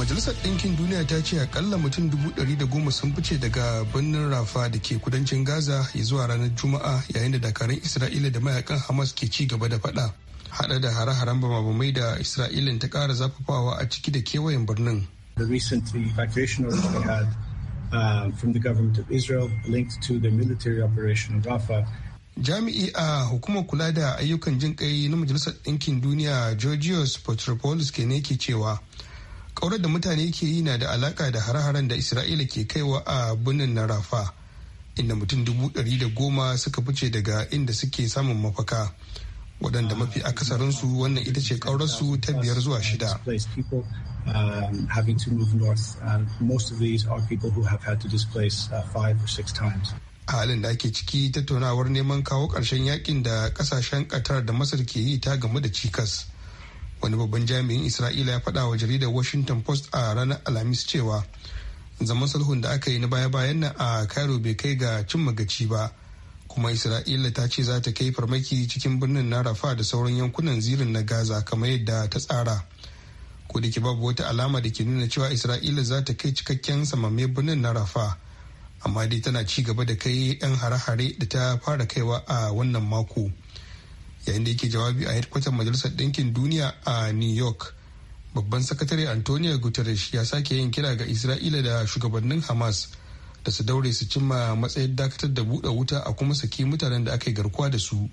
majalisar ɗinkin duniya ta ce akalla mutum dubu ɗari da goma sun fice daga birnin rafa da ke kudancin gaza ya zuwa ranar juma'a yayin da dakarun isra'ila da mayakan hamas ke ci gaba da faɗa hada da hare-haren bamabamai da isra'ilin ta kara zafafawa a ciki da kewayen birnin the uh, to the military operation Jami'i a hukumar kula da ayyukan jin kai na Majalisar Ɗinkin Duniya Georgios Petropolis ke ne ke cewa ƙaurar da mutane ke yi na da alaka da hare-haren da isra'ila ke kaiwa a birnin na rafa inda mutum dubu ɗari da goma suka fice daga inda suke samun mafaka waɗanda mafi akasarinsu wannan ita ce ƙaurarsu ta biyar zuwa shida um, uh, a halin da ake ciki tattaunawar neman kawo ƙarshen yakin da ƙasashen ƙatar da masar ke yi ta gamu da cikas wani babban jami'in isra'ila ya faɗa wa jaridar washington post a ranar alhamis cewa zaman sulhun da aka yi na baya-bayan nan a cairo bai kai ga cin magaci ba kuma isra'ila ta ce za ta kai farmaki cikin birnin na rafa da sauran yankunan zirin na gaza kamar yadda ta tsara ko da ke babu wata alama da ke nuna cewa isra'ila za ta kai cikakken samamme birnin na rafa amma dai tana ci gaba da kai 'yan hare-hare da ta fara kaiwa a wannan mako. yayin da yake jawabi a hedkwatar majalisar ɗinkin duniya a new york babban sakatare antonio guterres ya sake yin kira ga isra'ila da shugabannin hamas da su daure su cimma matsayin dakatar da buɗe wuta a kuma saki mutanen da aka yi garkuwa da su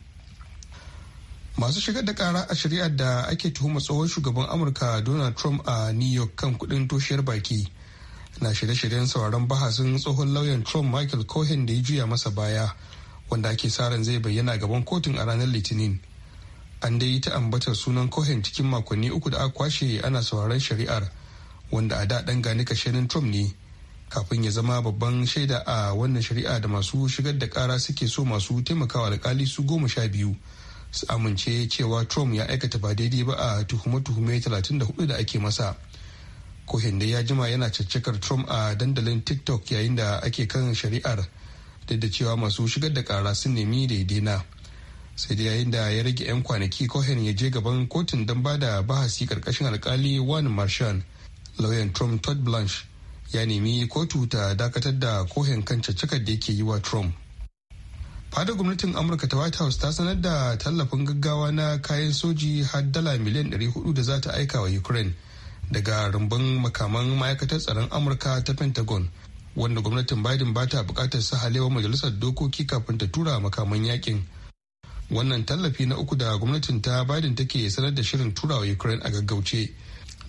masu shigar da kara a shari'ar da ake tuhuma tsohon shugaban amurka donald trump a new york kan kudin toshiyar baki na shirye-shiryen sauraron bahasin tsohon lauyan trump michael cohen da ya juya masa baya wanda ake sa ran zai bayyana gaban kotun a ranar litinin an dai yi ta ambatar sunan cohen cikin makonni uku da aka kwashe ana sauraron shari'ar wanda a da ɗan gani kashenin trump ne kafin ya zama babban shaida a wannan shari'a da masu shigar da kara suke so masu taimakawa alkali su goma sha biyu su amince cewa trump ya aikata ba daidai ba a tuhume-tuhume 34 da ake masa cohen dai ya jima yana caccakar trump a dandalin tiktok yayin da ake kan shari'ar duk da cewa masu shigar da kara sun nemi daidaina sai da yayin da ya rage 'yan kwanaki cohen ya je gaban kotun don ba da bahasi karkashin alkali wan marshal lauyan trump todd blanche ya nemi kotu ta dakatar da cohen kan caccakar da yake yi wa trump fada gwamnatin amurka ta white house ta sanar da tallafin gaggawa na kayan soji har dala miliyan 400 da za ta aika wa ukraine daga rumbun makaman ma'aikatar tsaron amurka ta pentagon wanda gwamnatin biden ba ta bukatar halewa majalisar dokoki kafin ta tura makaman yakin wannan tallafi na uku da gwamnatin ta biden take sanar da shirin turawa ukraine a gaggauce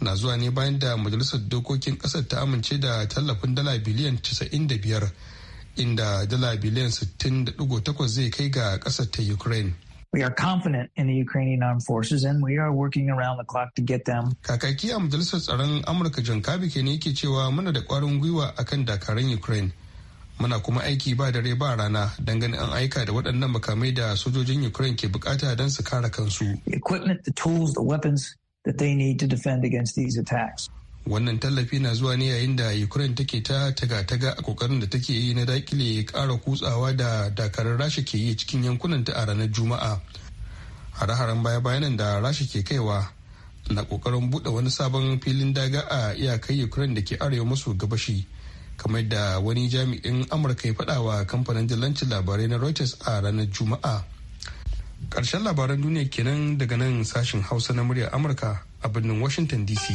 na zuwa ne bayan da majalisar dokokin kasar ta amince da tallafin dala biliyan 95 inda dala biliyan 60.8 zai kai ga kasar ta ukraine We are confident in the Ukrainian armed forces and we are working around the clock to get them. Kakaki a majalisar tsaron Amurka John Kirby ke ne yake cewa muna da kwarin gwiwa akan dakarun Ukraine. Muna kuma aiki ba dare ba rana dangane an aika da waɗannan makamai da sojojin Ukraine ke bukata don su kare kansu. Equipment, the tools, the weapons that they need to defend against these attacks. wannan tallafi na zuwa ne yayin da ukraine take ta taga-taga a kokarin da take yi na dakile kara kutsawa da dakarar rasha ke yi cikin yankunan ta a ranar juma'a hare-haren baya-bayanan da rasha ke kaiwa na kokarin buɗe wani sabon filin daga a iyakai ukraine da ke arewa maso gabashi kamar da wani jami'in amurka ya faɗa wa kamfanin dillancin labarai na reuters a ranar juma'a karshen labaran duniya kenan daga nan sashen hausa na muryar amurka a birnin washington dc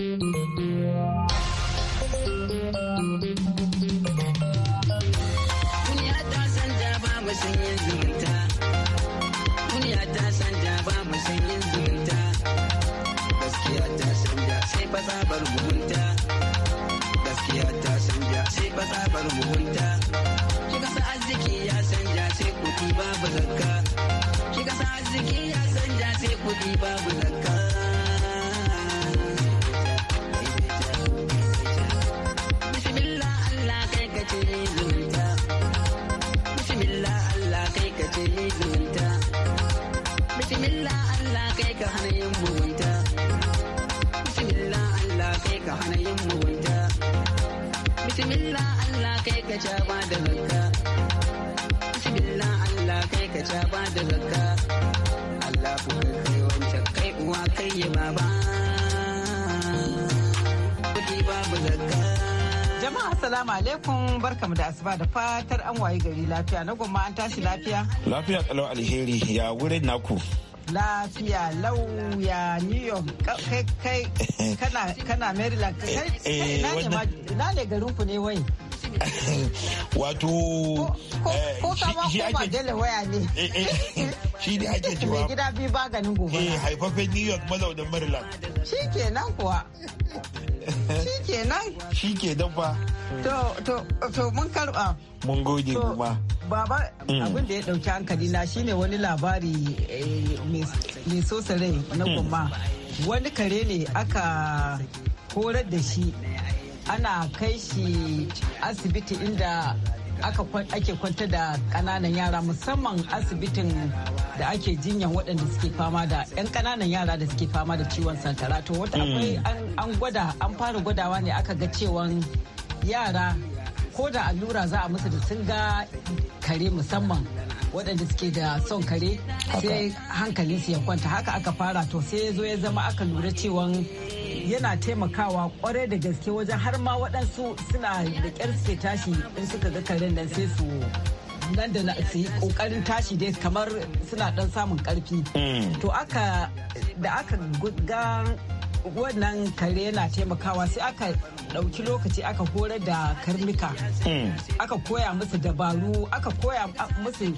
Assalamu alaikum barkamu da asuba da fatar an wayi gari lafiya na gwamma an tashi lafiya. Lafiya kalau alheri ya wurin naku. lafiya lauya new york kai kai kana kana maryland kai eh, na ne garin ku ne wai wato ko kama ko ba eh, waya ne eh, shi ne ake cewa gida biyu ba ganin gobe eh haifafen new york mazaunin maryland shi kenan kuwa Shi nan Shi To, to, mun karɓa. Mun gode kuma. Baba, mm. abin da ya ɗauki hankali na shine wani labari eh, mai sosa rai na mm. gumma. Wani kare ne aka horar da shi ana kai shi asibiti inda ake kwanta da kananan yara musamman asibitin da ake jinyan waɗanda suke fama da 'yan kananan yara da suke fama da ciwon sankara to wata hmm. akwai an gwada an fara gwadawa ne aka ga cewan yara ko da allura za a musu da sun ga kare musamman waɗanda suke da son kare sai hankalinsu ya kwanta haka aka fara to sai ya zo ya zama aka lura cewan yana taimakawa kwarai da gaske wajen har ma waɗansu suna da ƙyar suke tashi in suka ga karen nan sai su nan da su yi ƙoƙarin tashi dai kamar suna ɗan samun ƙarfi. Hmm. to aka da aka ga wannan kare yana taimakawa sai aka ɗauki lokaci aka horar da karnuka hmm. aka koya musu dabaru aka koya musu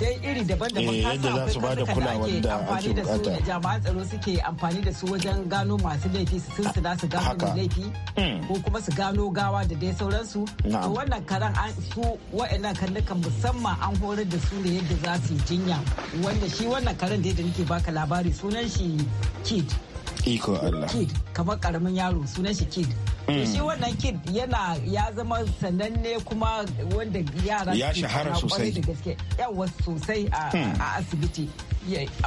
dai iri daban-daban eh, yadda za su bada kulawar da ake bukata jami'an tsaro suke amfani da su wajen gano masu laifi su sun su su gano mai laifi hmm. ko kuma su gano gawa da dai sauransu to wannan karan an su wa'annan karnukan musamman an horar da su ne yadda za su yi jinya wanda shi wannan karen da nake baka labari sunan shi kid Iko Allah. Kid, kamar karamin yaro sunan shi kid. Hmm. Shi wannan kid yana ya zama sananne kuma wanda yara ya shahara sosai. da gaske yawa sosai a hmm. asibiti.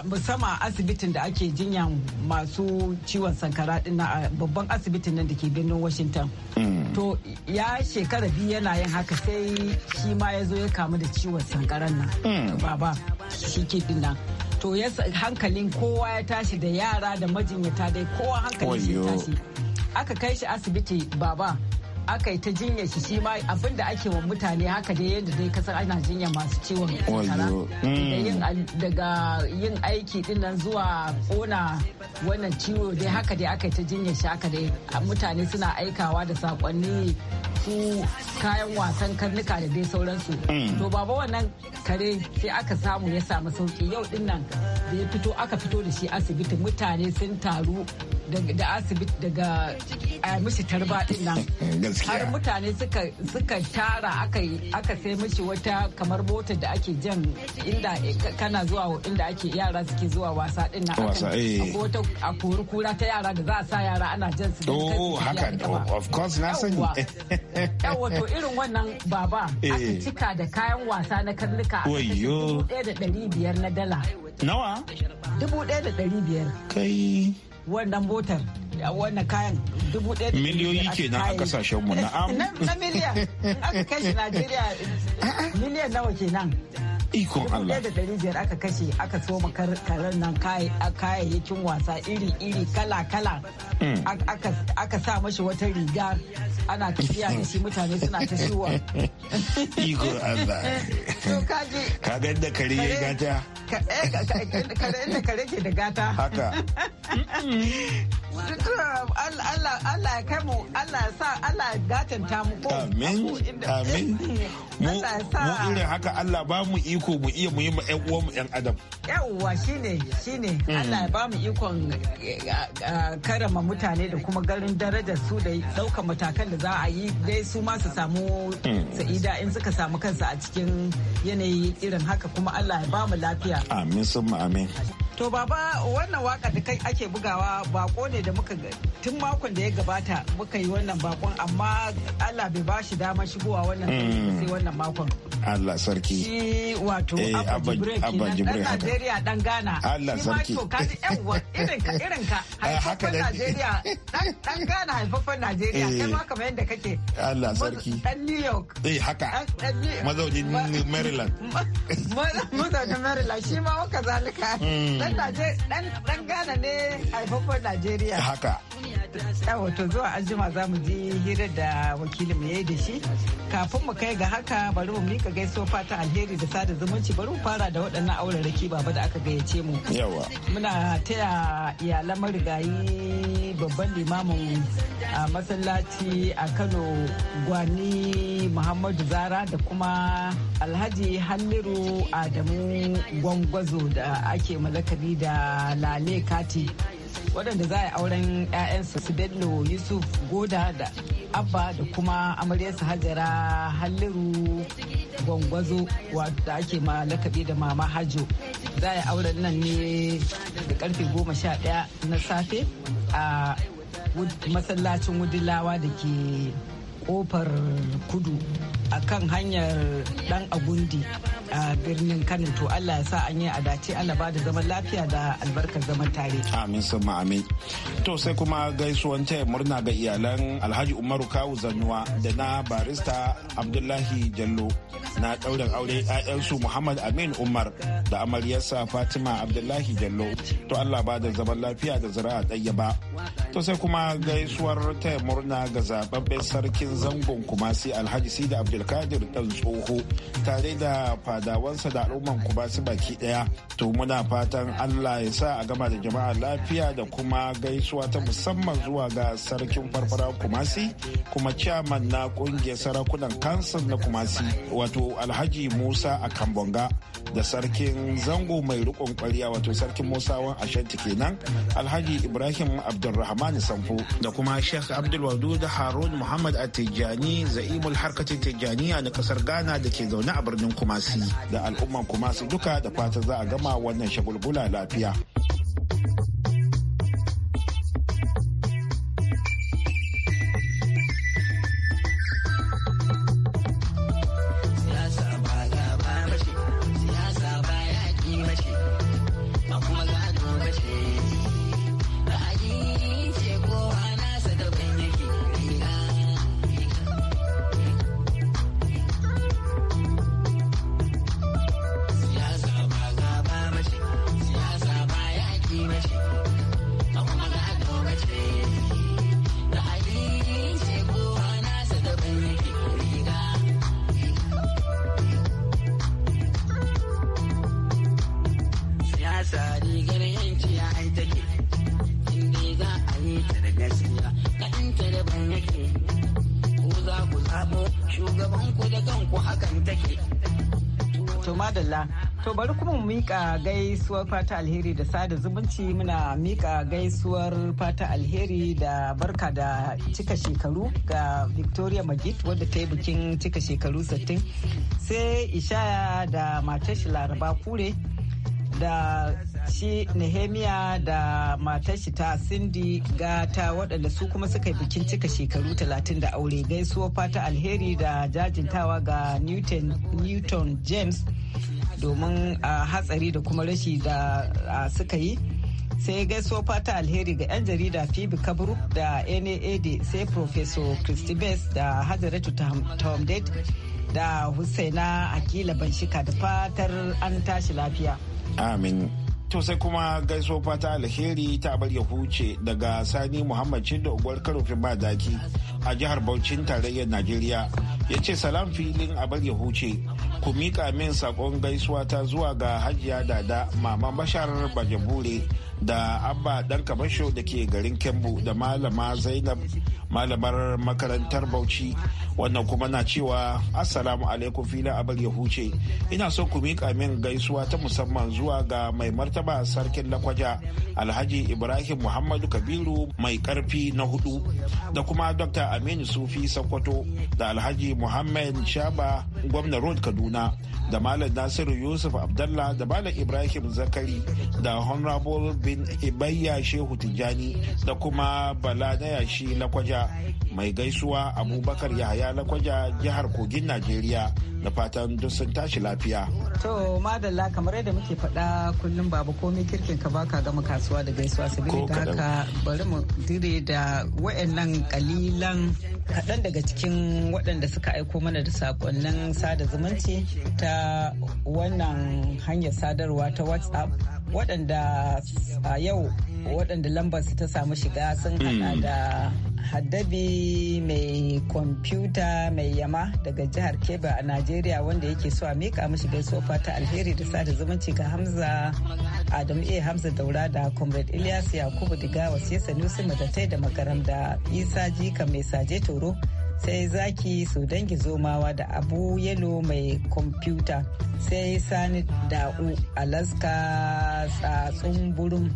musamman asibitin da ake jinya masu ciwon sankara din na babban asibitin nan da ke birnin washington hmm. to ya shekara biyu yana yin haka sai shi ma ya zo ya kamu da ciwon sankaran nan baba shi ke nan to ya hankalin kowa ya tashi da yara da majinyata dai kowa hankalin shi tashi aka kai shi asibiti baba aka yi ta jinya shi shi ma abin da ake wa mutane haka dai yadda dai kasar ana jinya masu ciwon kankara daga yin aiki dinnan zuwa kona wannan ciwo dai haka dai aka yi ta jinya shi haka dai mutane suna aikawa da sakonni su kayan wasan karnuka da dai sauransu mm. to baba wannan kare sai aka samu ya samu sauki yau dinnan da ya fito aka fito da shi asibiti mutane sun taru da asibiti daga mishi tarba din nan har mutane suka tara aka sai mishi wata kamar motar da ake jan inda kana zuwa inda ake yara suke zuwa wasa din nan eh. wata a kori kura ta yara da za a sa yara ana jan su oh, oh, yawa to irin wannan baba aka eh. cika da kayan wasa na karnuka a da ɗari biyar na dala Nawa? Dubu ɗaya da ɗari biyar. Kai. Wannan motar. wannan kayan dubu ɗaya miliyoyi ke nan a kasashen mu na'am na miliyan aka kai shi najeriya miliyan nawa ke nan ikon Allah da ɗari biyar aka kashe aka so karar nan kayayyakin wasa iri iri kala kala aka sa mashi wata riga ana tafiya da shi mutane suna ta shiwa ikon Allah ka ga da kare ya gata kare da kare ke da gata haka Allah ya kai mu Allah sa Allah ya gatanta mu ko amin amin mu irin haka Allah ba mu iko mu iya mu yi ma ƴan uwa mu ƴan adam yawwa shine shine hmm. Allah ya ba mu ikon eh, eh, karama mutane da kuma garin darajar su da ɗaukar matakan da za a yi dai su ma su samu hmm. sa'ida in suka samu kansu a cikin yanayi irin haka kuma Allah ya ba mu lafiya amin sun amin to baba wannan waka da kai ake bugawa bako ne da muka tun makon da ya gabata muka yi wannan bakon amma Allah bai ba shi damar shigowa wannan hmm. sai wannan makon. Allah sarki. Shi wato eh, Abba Jibril dan Najeriya dan Ghana. Allah sarki. Shi ma to kaji yawa irin ka irin ka eh, haifafan Najeriya dan Ghana haifafan Najeriya kai ma eh. kamar yadda kake. Allah sarki. Dan New York. Eh haka. Mazaunin Maryland. Mazaunin Maryland shi ma haka zalika. Dan hmm. Ghana ne haifafan Najeriya. lafiya haka yawa to zuwa anjima za mu ji hira da wakilin mu yayi da shi kafin mu kai ga haka bari mu mika gaisuwa fata alheri da sada zumunci bari mu fara da waɗannan raki baba da aka gayyace mu yawa muna taya iyalan marigayi babban limamin a masallaci a Kano Gwani Muhammadu Zara da kuma Alhaji Halliru Adamu Gwangwazo da ake malakari da Lale Kati waɗanda za a yi auren 'ya'yansu su bello yusuf goda da abba da kuma amaryarsa hajara halliru gwangwazo wadda ake ma lakabi da mama hajo za a yi auren nan ne da karfe goma sha ɗaya na safe a masallacin wudilawa da ke kofar kudu a kan hanyar dan agundi a birnin Kano to Allah ya sa an yi a dace Allah ba da zaman lafiya da albarkar zaman tare. Amin sama amin. To sai kuma gaisuwan taya murna ga iyalan Alhaji Umaru Kawu Zanuwa da na barista Abdullahi Jallo na ɗaurin aure 'ya'yansu Muhammad Amin Umar da amaryarsa Fatima Abdullahi Jallo. To Allah ba da zaman lafiya da zira'a ɗayyaba. To sai kuma gaisuwar taya murna ga zababben sarkin zangon Kumasi Alhaji Sida Abdulkadir ɗan tsoho tare da wansa da al'umman ku ba su baki daya to muna fatan allah ya sa a gama da jama'a lafiya da kuma gaisuwa ta musamman zuwa ga sarkin farfara kumasi kuma chairman na kungiyar sarakunan kansan na kumasi wato alhaji musa a kambonga da sarkin zango mai rikon kwarya wato sarkin musawan ashanti kenan alhaji ibrahim abdulrahman sanfo da kuma sheikh abdulwadud harun muhammad atijani za'imul harkatin tijjaniya na kasar ghana da ke zaune a birnin kumasi da al'umman kumasi duka da fata za a gama wannan shagulgula lafiya mika gaisuwar fata alheri da sada zumunci muna mika gaisuwar fata alheri da barka da cika shekaru ga victoria magid wadda ta yi bikin cika shekaru 60 sai ishaya da matashi laraba kure da shi nehemiya da matashi ta sindi gata waɗanda su kuma suka yi bikin cika shekaru talatin da aure gaisuwar fata alheri da jajintawa ga newton james domin a hatsari da kuma rashi da suka yi sai gaiso fata alheri ga 'yan jarida phoebe kabru da naad sai professor christy best da hajaratu tomdet da husaina akila banshika da fatar an tashi lafiya amin to sai kuma gaiso fata alheri ta bar ya huce daga sani muhammad cindo uguwar karofin daki a jihar Bauchin tarayyar Najeriya ya ce salam filin a bar ya huce ku mika min sakon gaisuwa ta zuwa ga hajiya dada mama bashar bajabure da abba dan kamasho da ke garin kembu da malama zainab malamar makarantar bauchi wannan kuma na cewa assalamu alaikum filin abar ya huce ina son ku mika min gaisuwa ta musamman zuwa ga mai martaba sarkin lakwaja alhaji ibrahim muhammadu kabiru mai karfi na hudu da kuma dr aminu sufi Sakkwato da alhaji muhammad shaba gwamna road kaduna da malam nasiru yusuf abdallah da malam ibrahim zakari da honorable mahaifin ibayya shehu tijjani da kuma bala na yashi lakwaja mai gaisuwa abubakar yahaya lakwaja jihar kogin najeriya da fatan duk sun tashi lafiya to madalla kamar yadda muke faɗa kullum babu komai kirkin ka baka gama kasuwa da gaisuwa sabili haka bari mu dire da wayannan kalilan kaɗan daga cikin waɗanda suka aiko mana da sakonnin sada zumunci ta wannan hanyar sadarwa ta whatsapp waɗanda a yau waɗanda lambar su ta samu shiga sun hada hmm. da haddabi mai kwamfuta mai yama daga jihar keba a najeriya wanda yake so a mika mishi gaisuwa ta alheri da sada zumunci ga hamza adam a hamza daura da comrade ilyas yakubu diga wasu sanusi madatai da magaram isa jika mai saje toro sai zaki su dangi zomawa da abu yalo mai kwamfuta sai sani da'u alaska tsatsun burin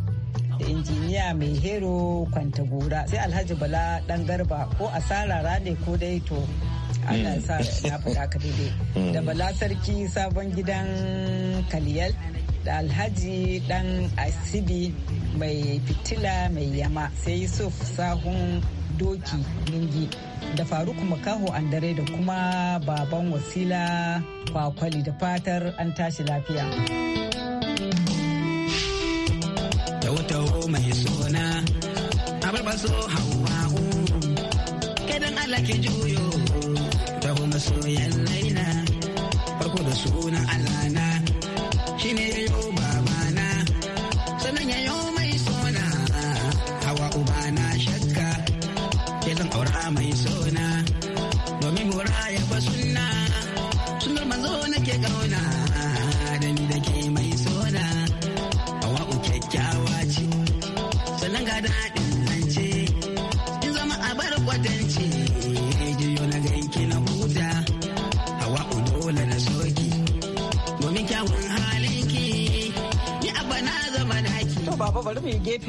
da injiniya mai hero kwantagora sai alhaji bala dan garba ko asarara ne ko dai to Allah sa na faɗa ka daidai mm. da bala sarki sabon gidan kaliyal da alhaji dan asibi mai fitila mai yama sai yusuf sahun doki ningi da faruk makaho dare da kuma baban wasila kwakwali da fatar an tashi lafiya tautau mai sona abarbaso hawa'u kedan alake juyo soyayya farko da Allah alana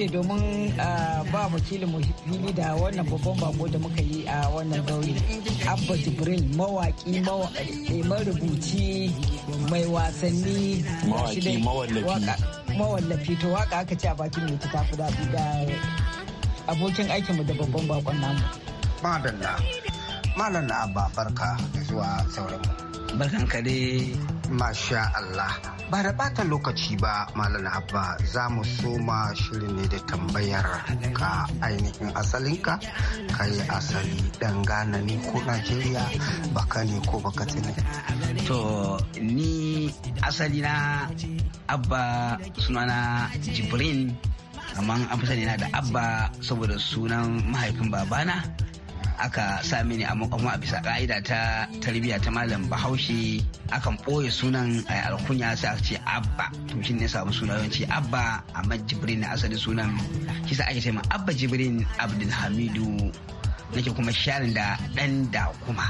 ne domin ba mu kili mu fili da wannan babban bako da muka yi a wannan gauri abba jibril mawaki eh, marubuci mai wasanni mawallafi to waka aka ce a bakin mai ta tafi da abokin aikinmu da babban bakon namu madalla malam na abba barka da zuwa sauranmu barkan ka dai masha Allah ba da bata lokaci ba malam abba za mu soma shirin ne da tambayar ka ainihin asalinka ka yi asali dan ghana ni ko najeriya baka ne ko baka tsini to ni asali na abba sunana jibrin amma an fi sani na da abba saboda sunan mahaifin babana aka sa mini a a bisa ka'ida ta tarbiyya ta malam bahaushe akan ɓoye sunan eh, alkunya sai aka ce abba to shi ne samu suna yawanci abba amma jibrin na asali sunan kisa ake ce ma abba jibrin abdulhamidu nake kuma sharin da ɗan da kuma.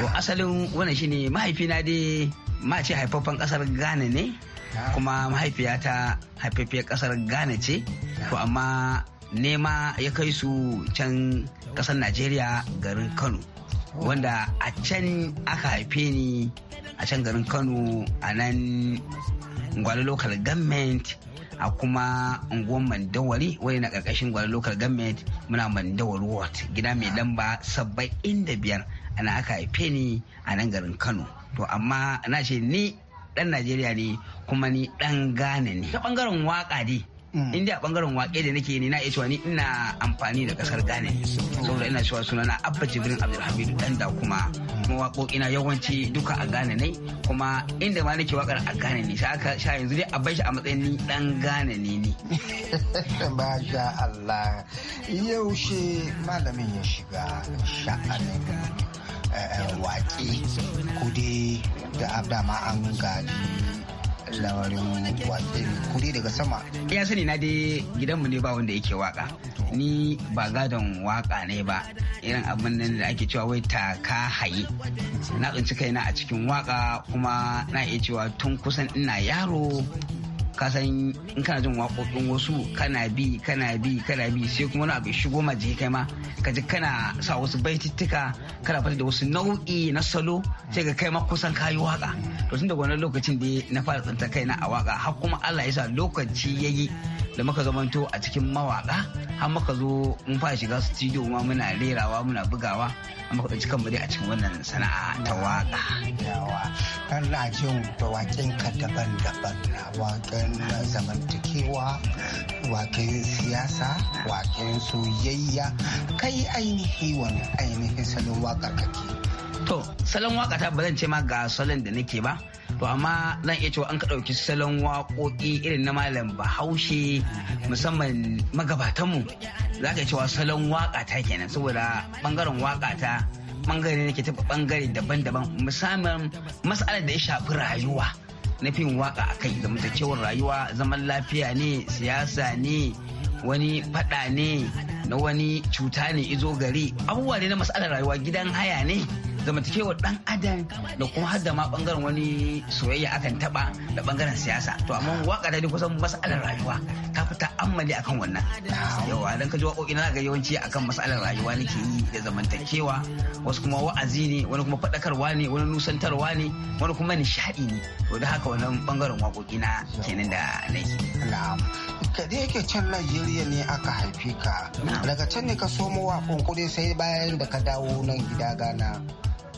To asalin wannan shine mahaifina dai ma ce haifaffen ƙasar Ghana ne ah. kuma mahaifiyata haifaffiyar kasar Ghana ce to amma nema ya kai su can kasar najeriya garin kano wanda a can aka haife ni a can garin kano a nan gwale local government a kuma unguwar mandawari wani na karkashin gwale local government muna mandawar ward gida mai lamba saba'in da biyar ana aka haife ni a nan garin kano to amma na ce ni dan najeriya ne kuma ni dan gane ne ta bangaren waka dai Mm. inda a bangaren wake da nake ne na iya cewa ni ina amfani da kasar Ghana saboda ina cewa sunana Abba Jibrin Abdulhamid dan da kuma kuma na yawanci duka a Ghana ne kuma inda ma nake wakar a Ghana ne sha yanzu dai a bai a matsayin ni dan Ghana ne ni Masha Allah yau she malamin ya shiga sha'anin eh, waƙe kude, dai da ma an gaji labarin wake kuri daga sama ya eh, sani na dai gidanmu ne ba wanda yake waka ni ba gadon waka ne ba irin abin nan da ake cewa wai ta ka haye na tsinci kaina a cikin waka kuma na iya cewa tun kusan ina yaro ka san in kana jin waƙoƙin wasu kana bi kana bi kana bi sai kuma wani abu shigo ma jiki kai ma ka ji kana sa wasu baitittuka kana fata da wasu nau'i na salo sai ka kai ma kusan ka yi waka to tun daga wani lokacin da na fara tsantar kaina a waka har kuma Allah ya sa lokaci yayi da muka zamanto a cikin mawaka har muka zo mun fara shiga studio ma muna rerawa muna bugawa amma muka cikan kanmu dai a cikin wannan sana'a ta waka. Yawa kana jin waƙen ka daban-daban na waƙen zamantakewa waƙen siyasa waƙen soyayya kai ainihi wani ainihin salon waka kake. to salon waka ta ba zan ce ma ga salon da nake ba to amma zan iya cewa an ka ɗauki salon waƙoƙi irin na malam bahaushe musamman magabatanmu za ka cewa salon waka ta kenan saboda ɓangaren waka ta bangare nake taɓa ɓangare daban-daban musamman matsalar da ya shafi rayuwa na fin waka a kai da zamantakewar rayuwa zaman lafiya ne siyasa ne wani faɗa ne na wani cuta ne izo gari abubuwa ne na matsalar rayuwa gidan haya ne zamantakewar dan adam da kuma har ma bangaren wani soyayya akan taba da bangaren siyasa to amma waka da kusan masalar rayuwa ta fi ta'ammali akan wannan yawa dan ka ji wako na ga yawanci akan masalar rayuwa nake yi da zamantakewa wasu kuma wa'azi ne wani kuma faɗakarwa ne wani nusantarwa ne wani kuma nishadi ne to da haka wannan bangaren wakokina na kenan da nake na'am da yake can Najeriya ne aka haife ka daga can ne ka somo wa kunkure sai bayan da ka dawo nan gida gana.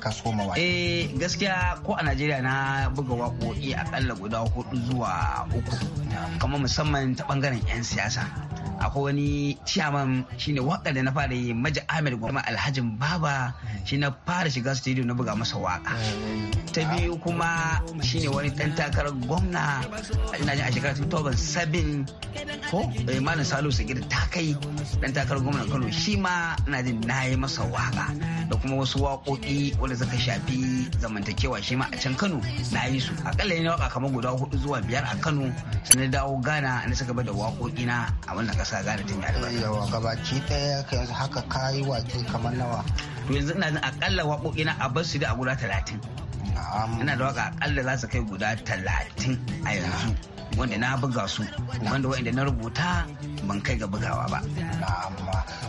ka soma Eh gaskiya ko a Najeriya na buga waƙoƙi akalla guda hudu zuwa uku. Kamar musamman ta bangaren 'yan siyasa. akwai wani ciyaman shine waka da na fara yi maji amir goma alhajin baba shi na fara shiga studio na buga masa waka ta biyu kuma shine wani dan takarar gwamna ina jin a shekara 2007 ko eh, malam salo gida ta kai dan takarar gwamna kano shi ma ina jin na yi masa waka da kuma wasu waƙoƙi wanda suka shafi zamantakewa shi ma a can kano na yi su akalla ne waka kamar guda hudu zuwa biyar a kano sannan dawo gana na saka bada na a wannan sa Ghana ta da albarka. Yawa gabaki ɗaya haka kayi wa kamar nawa. To yanzu ina jin akalla waƙoƙi na a bar su da a guda talatin. ina da waka akalla za su kai guda talatin a yanzu wanda na buga su wanda wanda na rubuta ban kai ga bugawa ba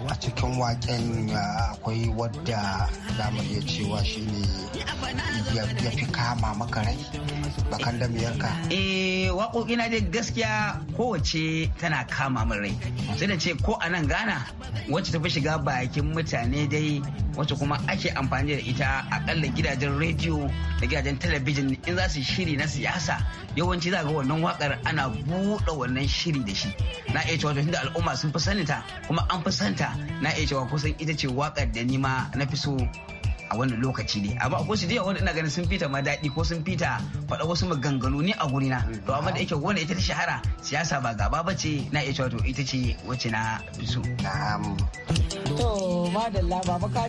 a cikin waken akwai wadda zamu iya cewa shi ne ya fi kama maka bakan da miyarka eh waƙoƙi na dai gaskiya kowace tana kama min rai sai da ce ko a nan gana wacce ta fi shiga bakin mutane dai wacce kuma ake amfani da ita akalla gidajen rediyo da gidajen talabijin in za su shiri na siyasa yawanci za ga wannan wakar ana buɗe wannan shiri da shi na iya cewa tunda al'umma sun fi sanita kuma an fi santa na iya cewa kusan ita ce wakar da ni ma na fi so a wannan lokaci ne amma akwai su dai wani ina ganin sun fita ma daɗi ko sun fita faɗa wasu maganganu ni a guri na to amma da yake wannan ita ta shahara siyasa ba gaba ba ce na iya cewa to ita ce wacce na su. to madalla baba ka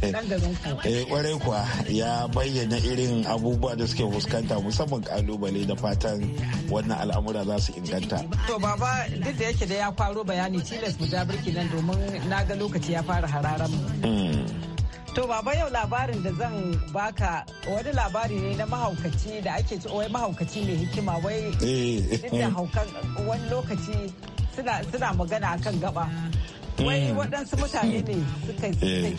dan garin ku. eh kwarai kuwa ya bayyana irin abubuwa da suke fuskanta musamman kalubale da fatan wannan al'amura za su inganta. to baba duk da yake da ya faro bayani tilas mu ja birki nan domin na ga lokaci ya fara hararan mu. Hmm. To baba yau labarin da zan baka wani labari ne na mahaukaci da ake ci wai mahaukaci mai hikima wai eh. duk da haukan wani lokaci suna magana akan gaba. Mm. Wai waɗansu mutane ne suka eh.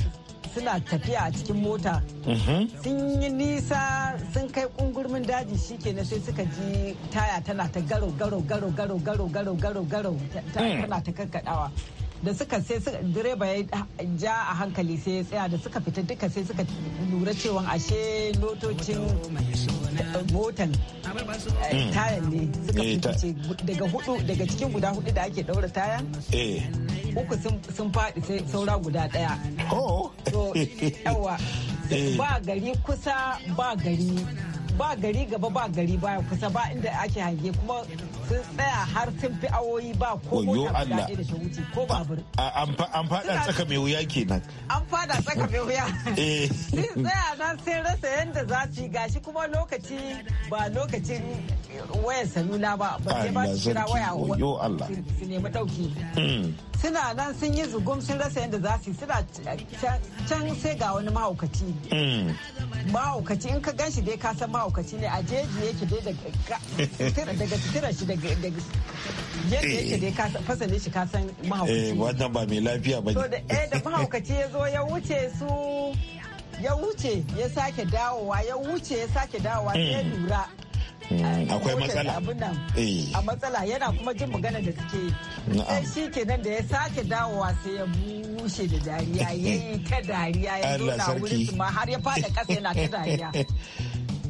suna tafiya a cikin mota. Mm-hmm. Sun yi nisa sun kai kungurmin daji shi na sai suka ji taya tana ta garo garo garo garo garo garo garo garo mm. tana ta kakkaɗawa. da suka sai direba ya ja a hankali sai ya tsaya da suka fita duka sai suka lura cewa ashe lotocin motan eh, mm. tayan ne suka eh, fice daga hudu daga cikin guda hudu da ake daura tayan. Eh. uku sun faɗi sai saura guda daya oh. ba gari kusa ba gari ba gari gaba ba gari baya kusa ba inda ake hange kuma sun tsaya har sun fi awoyi ba ko mota da ta wuce ko babur. An fada tsaka mai wuya kenan. An fada tsaka mai wuya. Eh. Sun tsaya na sai rasa yadda za ci gashi kuma lokaci ba lokacin Wayan salula ba ba sai ba su kira waya yo Allah su nemi dauki hmm. suna nan sun yi zugum sun rasa yadda za su suna can sai ga wani mahaukaci hmm. mahaukaci in ka gan shi dai ka san mahaukaci ne a jeji yake dai daga titirar shi daga yadda eh. yake dai ka fasalin shi ka san mahaukaci eh wannan ba mai lafiya ba ne eh, da mahaukaci ya zo ya wuce su ya wuce ya sake dawowa ya wuce ya sake dawowa ya hmm. lura Eh, akwai matsala eh. a matsala yana kuma jin magana da suke sai eh, shi kenan da ya sake dawowa sai ya bushe da dariya ya yi ta dariya ya zo na wurin su ma har ya fada kasa yana ta dariya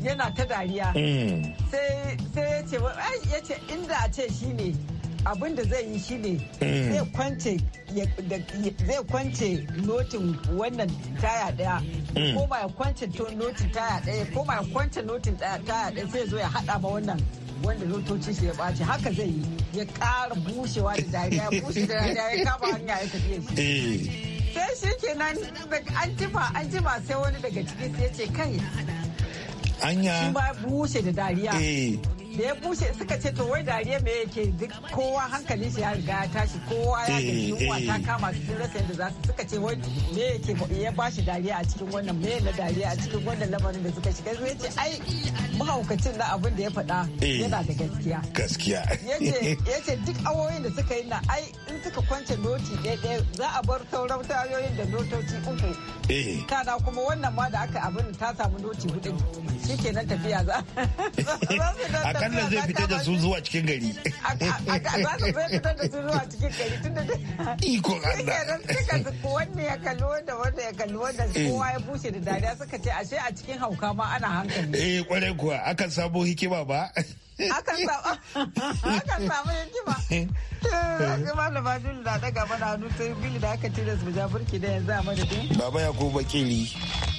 yana ta dariya hmm. sai ya ce inda a ce shi ne abin da zai yi shi ne. Mm. zai kwance notin wannan taya daya mm. ko ma ya kwance notin taya daya ko ma ya kwance notin taya daya sai zo ya hada ma wannan wanda lotoci shi ya bace haka zai yi ya ƙara bushewa da dariya ya bushe da dariya ya kama hanya ya tafiye shi eh. sai shi kenan an jima an jima sai wani daga cikin sai ya ce kai anya shi ba bushe da dariya eh. da ya bushe suka ce to wai dariya me yake duk kowa hankalin shi ya riga ya tashi kowa ya ga eh, yunwa ta eh. kama su sun rasa yadda za su suka ce wai me yake ya bashi dariya a cikin wannan me na dariya a cikin wannan lamarin da suka shiga sai ce ai mahaukacin na abin da ya faɗa eh. yana da gaskiya gaskiya yace duk awoyin da suka yi na ai in suka kwance noti ɗaya za a bar sauran tayoyin da notoci uku kana kuma wannan ma da aka abin ta samu noti hudu kenan tafiya za su akalla zai fita da su zuwa cikin gari ikon Allah wanda ya kallo da wanda ya kalli wanda. kowa ya bushe da dariya suka ce ashe a cikin hauka ma ana hankali eh kwarai kuwa akan samu hikima ba akan samu hikima hikima da bajin da daga mana hannu ta yi bili da aka tilas mu ja burki da yanzu a madadin baba yakubu bakili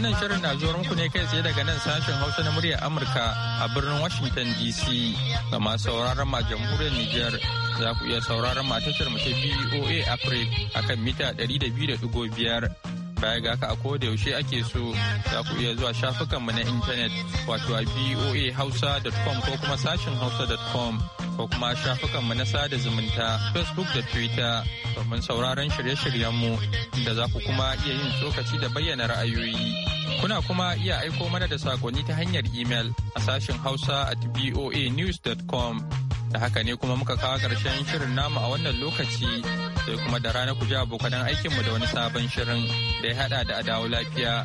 Wannan shirin na zuwa muku ne kai tsaye daga nan sashen Hausa na muryar Amurka a birnin Washington DC ga masu sauraron ma jamhuriyar Nijar za ku iya sauraron ma tashar mu ta BOA Africa akan mita 200.5 baya ga aka a koda yaushe ake so za ku iya zuwa shafukanmu na intanet wato a hausa.com ko kuma sashen hausa.com ko kuma shafukanmu na sada zumunta Facebook da Twitter domin sauraron shirye-shiryenmu da za ku kuma iya yin tsokaci da bayyana ra'ayoyi. Kuna kuma iya aiko mana da sakonni ta hanyar email a sashen Hausa at voanews.com. Da haka ne kuma muka kawo ƙarshen shirin namu a wannan lokaci sai kuma da rana ku ji abokanan aikinmu da wani sabon shirin da ya haɗa da adawo lafiya.